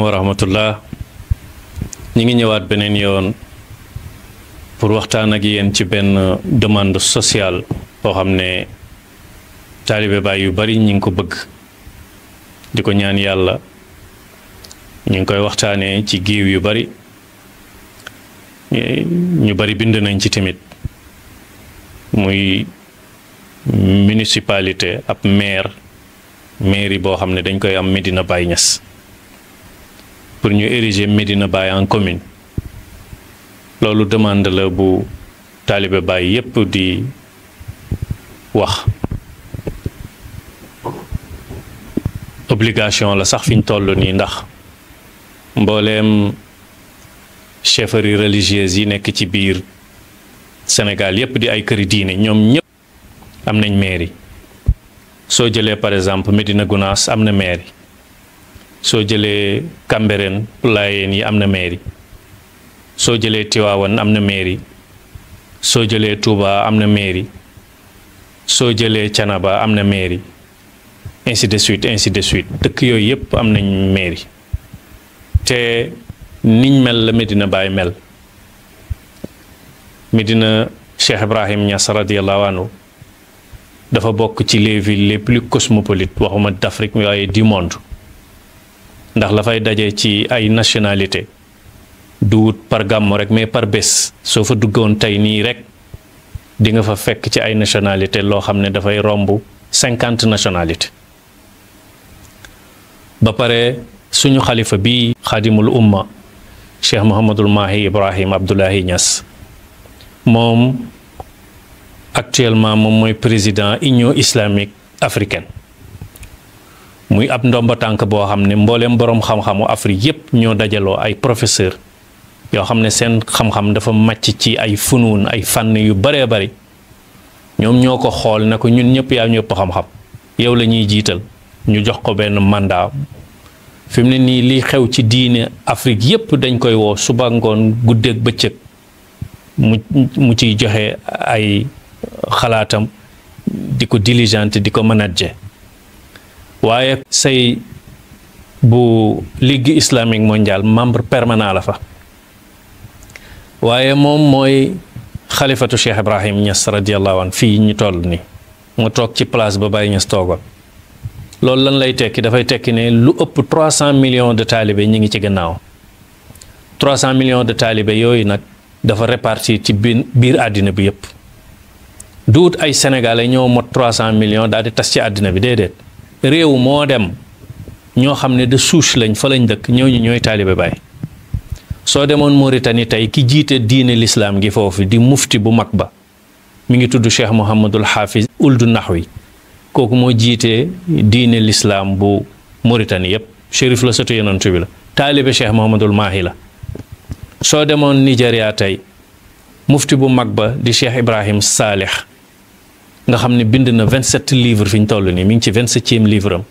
aleykum wa rahmatullah ñi ngi ñëwaat beneen yoon pour waxtaan ak yéen ci benn demande sociale boo xam ne taalibe baay yu bari ñu ngi ko bëgg di ko ñaan yàlla ñu ngi koy waxtaanee ci giiw yu bari ñu bari bind nañ ci tamit muy municipalité ab maire mairie boo xam ne dañ koy am Medina Baye ñas pour ñu ériger Médina Baye en commune loolu demande la bu taalibe Baye yépp di wax obligation la sax fi ñu toll nii ndax mbooleem chefferie religieuse yi nekk ci biir Sénégal yépp di ay këri diine ñoom ñëpp am nañ mairie soo jëlee par exemple Médina Gounass am na mairie soo jëlee Cambérène Pulaayeen yi am na mairie soo jëlee Tiwaawan am na mairie soo jëlee Touba am na mairie soo jëlee Canaba am na mairie ainsi de suite ainsi de suite dëkk yooyu yépp am nañ mairie te niñ mel la Medina Baye mel Medina Cheikh Ibrahim Niass radiyallahu anhu dafa bokk ci les villes les plus cosmopolites waxuma d'Afrique waaye du monde ndax la daje ci ay nationalité duut par gàmmu rek mais par bés soo fa duggoon tey nii rek dinga fa fekk ci ay nationalité loo xam ne dafay romb cinquante nationalité ba pare suñu xalifa bi xadimul umma cheikh Mouhamadul Mahi Ibrahim Abdoulahi Niass moom actuellement moom mooy président union islamique africaine muy ab ndomba tànk boo xam ne mbooleem boroom xam-xamu Afrique yépp ñoo dajaloo ay professeur yoo xam ne seen xam-xam dafa macc ci ay funuun ay fànn yu baree bari ñoom ñoo ko xool na ko ñun ñëpp yaa ñëpp xam-xam yow lañuy jiital ñu jox ko benn mandat fi ne nii liy xew ci diine Afrique yépp dañ koy woo suba ngoon guddeeg bëccëg mu mu ciy joxe ay xalaatam di ko diligente di ko manager waaye say bu ligue islamique mondiale membre permanent la fa waaye moom mooy xalifatu Cheikh Ibrahim Niass radiallahu an fii ñu toll ni mu toog ci place ba Baye Niass toogoon loolu lan lay tekki dafay tekki ne lu ëpp trois cent millions de taalibe ñi ngi ci gannaaw trois cent millions de taalibe yooyu nag dafa réparti ci biir àddina bi yépp duut ay sénégalais ñoo mot trois cent millions daal di tas ci àddina bi déedéet réew moo dem ñoo xam ne de souche lañ fa lañ dëkk ñooñu ñooy taalibe baay soo demoon Mauritanie tey ki jiite diine lislaam gi foofu di mufti bu mag ba mu ngi tudd Cheikh Mouhamadul Hafiz Uldu Naxwi kooku moo jiite diine lislaam bu Mauritanie yépp shérif la sëtu yonent bi la taalibe Cheikh Mouhamadul Mahi la soo demoon Nigéria tey mufti bu mag ba di Cheikh Ibrahim Saalix nga xam ne bind na 27 livres fi ñu toll nii mi ngi ci 27e livre am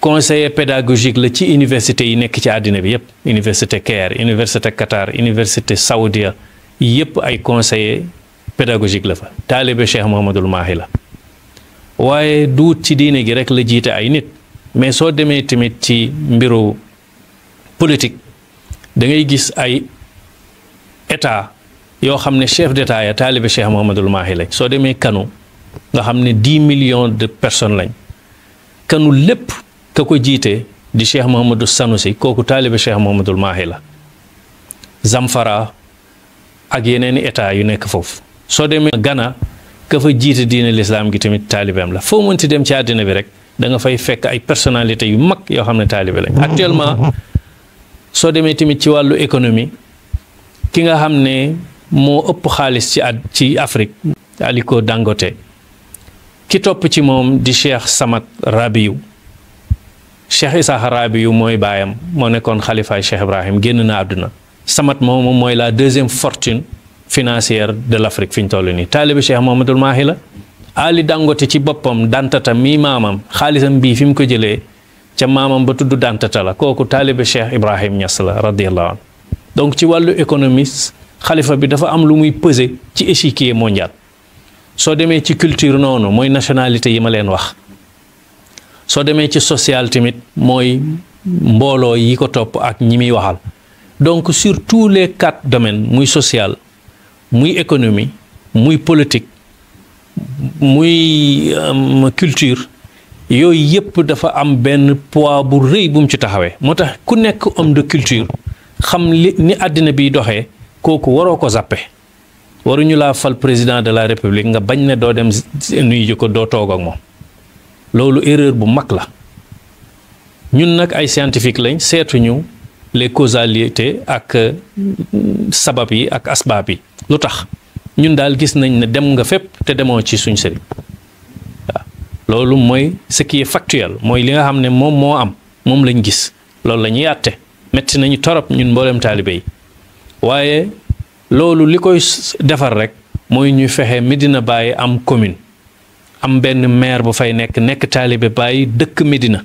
conseiller pédagogique la ci université yi nekk ci àddina bi yépp université Caire université Qatar université Saoudia yépp ay conseiller pédagogique la fa taalibe Cheikh Mouhamadul Mahi la waaye duut ci diine gi rek la jiite ay nit mais soo demee tamit ci mbiru politique da ngay gis ay état yoo xam ne chef d'état ya taalibe Cheikh Mouhamadul Mahi lañ soo demee kanu nga xam ne dix million de personne lañ kanu lépp ka ko jiite di Cheikh Mouhamadou Sanusi kooku taalibe Cheikh Mouhamadul Mahi la Zamfara ak yeneen i état yu nekk foofu soo demee Ghana ka fa jiite diine lislaam gi tamit taalibeem la foo mën mënti dem ci àddina bi rek danga fay fekk ay personnalités yu mag yoo xam ne taalibe lañ actuellement soo demee tamit ci wàllu économie ki moo ëpp xaalis ci at ci Afrique Aliko Dangote ki topp ci moom di Cheikh Samad Rabiou Cheikh Isaaxa Rabiou mooy baayam moo nekkoon xalifaay Cheikh Ibrahim génn na àdduna samat moom mooy la deuxième fortune financière de l'Afrique fi ñu toll nii taalibi Cheikh Mohamadul Maahi la Ali Dangote ci boppam dantata mii maamam xaalisam bii fi mu ko jëlee ca maamam ba tudd dantata la kooku taalibi Cheikh Ibrahim Niass la radiyallahu anhu donc ci wàllu économiste xalifa bi dafa am lu muy pese ci échiquier mondial soo demee ci culture noonu mooy nationalité yi ma leen wax soo demee ci sociale tamit mooy mbooloo yi ko topp ak ñi muy waxal donc sur tous les quatre domaines muy sociale muy économie muy politique muy euh, culture yooyu yëpp dafa am benn poids bu rëy bu mu ci taxawee moo tax ku nekk homme de culture xam ni àddina bi doxee kooku waroo ko zappe waruñu laa fal président de la république nga bañ ne doo dem nuyu ji ko doo toog ak moom loolu erreur bu mag la ñun nag ay scientifique lañ seetu seetuñu les causalités ak euh, sabab yi ak asbaab yi lu tax ñun daal gis nañ ne dem nga fépp te demoo ci suñ sëriñ loolu mooy ce qui est mooy li nga xam ne moom moo am moom lañ gis loolu la ñuy àtte metti nañu torop ñun mboolem taalibe yi waaye loolu li koy defar rek mooy ñu fexe Medina bàyyi am commune am benn maire bu fay nekk nekk taalibe bàyyi dëkk Medina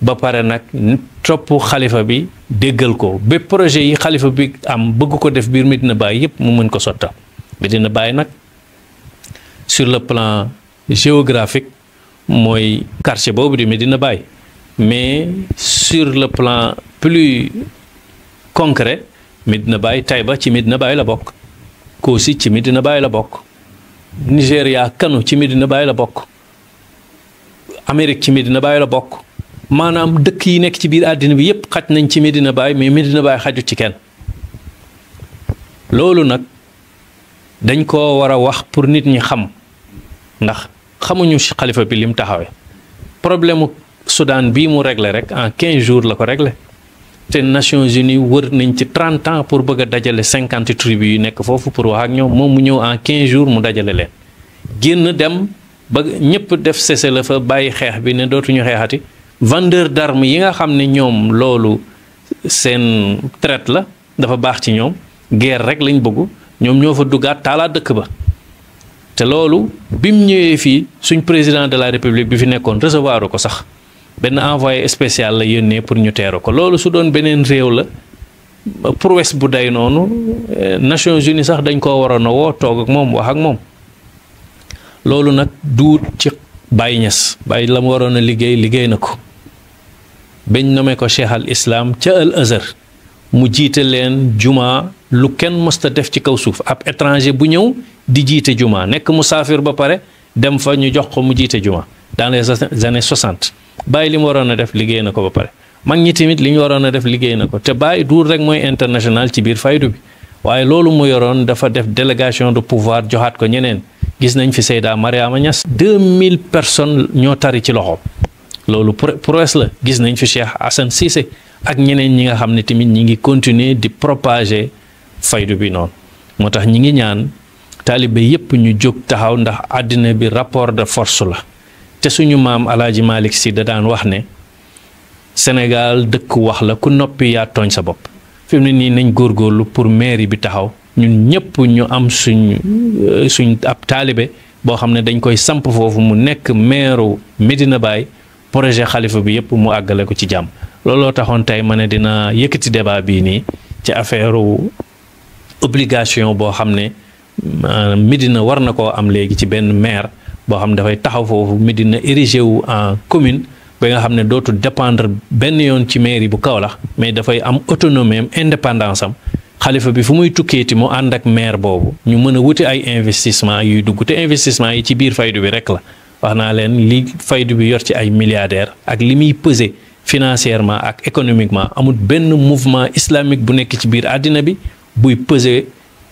ba pare nag topp xalifa bi déggal ko ba projet yi xalifa bi am bëgg ko def biir Medina bàyyi yépp mu mën ko sotta Medina bàyyi nag sur le plan géographique mooy quartier boobu di dina bàyyi mais sur le plan plus concret Medina Baye Taïba ci Medina Baye la bokk Kossi ci Medina Baye la bokk Nigéria Kano ci Medina Baye la bokk Amérique ci Medina Baye la bokk maanaam dëkk yi nekk ci biir àddina bi yépp xaj nañ ci Medina Baye mais Medina Baye xaju ci kenn loolu nag dañ ko war a wax pour nit ñi xam ndax xamuñu xalifa bi lim taxawee problème mu Soudan bii mu réglé rek en quinze jours la ko réglé te Nations Unies wër nañ ci trente ans pour bëgg dajale cinquante tribus yu nekk foofu pour wax ak ñoom moom mu ñëw en quinze jours mu dajale leen génn dem ba ñëpp def cessez la feu bàyyi xeex bi ne dootuñu xeexati vendeur d'armes yi nga xam ne ñoom loolu seen traite la dafa baax ci ñoom guerre rek lañ bëgg ñoom ñoo fa duggaat taalaa dëkk ba te loolu bim ñëwee fii suñ président de la république bi fi nekkoon recevoiru ko sax. benn envoyé spécial la yónnee pour ñu teeru ko loolu su doon beneen réew la prouesse bu day noonu eh, Nations Unies sax dañ koo waroon a woo toog ak moom wax ak moom loolu nag duut ci Baye Niass bay la mu waroon a liggéey liggéey na ko bañ nommé ko cheikh al islam ca al azhar mu jiite leen juma lu kenn mësta def ci kaw suuf ab étranger bu ñëw di jiite jumaa nekk musaafir ba pare dem fa ñu jox ko mu jiite juma dans les années 60 bàyyi li mu waroon a def liggéey na ko ba pare mag ñi tamit li ñu waroon a def liggéey na ko te bàyyi duur rek mooy international ci biir faydu bi waaye loolu mu yoroon dafa def délégation de pouvoir joxaat ko ñeneen gis nañ fi Seyda Mariama Niass deux mille personnes ñoo tari ci loxoom loolu prouesse la gis nañ fi Cheikh Assane Cissé ak ñeneen ñi nga xam ne tamit ñi ngi continuer di propager faydu bi noonu moo tax ñi ngi ñaan taalibe yépp ñu jóg taxaw ndax àddina bi rapport de force la te suñu maam alaaji Malick si da daan wax ne Sénégal dëkk wax la ku noppi yaa tooñ sa bopp fi ne nii nañ góorgóorlu pour mairie bi taxaw ñun ñëpp ñu am suñ euh, suñ ab taalibe boo xam ne dañ koy samp foofu mu nekk maire Medina Baye projet xalifa bi yëpp mu àggale ko ci jàmm looloo taxoon tey ma ne dina yëkkati débat bii nii ci affaire obligation boo xam ne Medina war na koo am léegi ci benn maire. boo xam ne dafay taxaw foofu Médina érigé wu en commune ba nga xam ne dootul dépendre benn yoon ci mairie bu kaw Kaolack mais dafay am autonomie am indépendance am xalifa bi fu muy tukkee ti mu ànd ak maire boobu ñu mën a wuti ay investissement yuy dugg te investissement yi ci biir faydu bi rek la wax naa leen li faydu bi yor ci ay milliardaires ak li muy peser financièrement ak économiquement amul benn mouvement islamique bu nekk ci biir àddina bi buy peser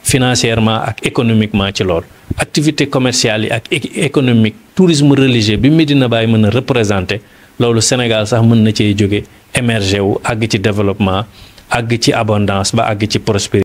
financièrement ak économiquement ci lool activité commerciale yi ak économique tourisme religieux bi Medina Baye mën a représenter loolu Sénégal sax mën na cee jóge émerge wu àgg ci développement àgg ci abondance ba àgg ci prospérité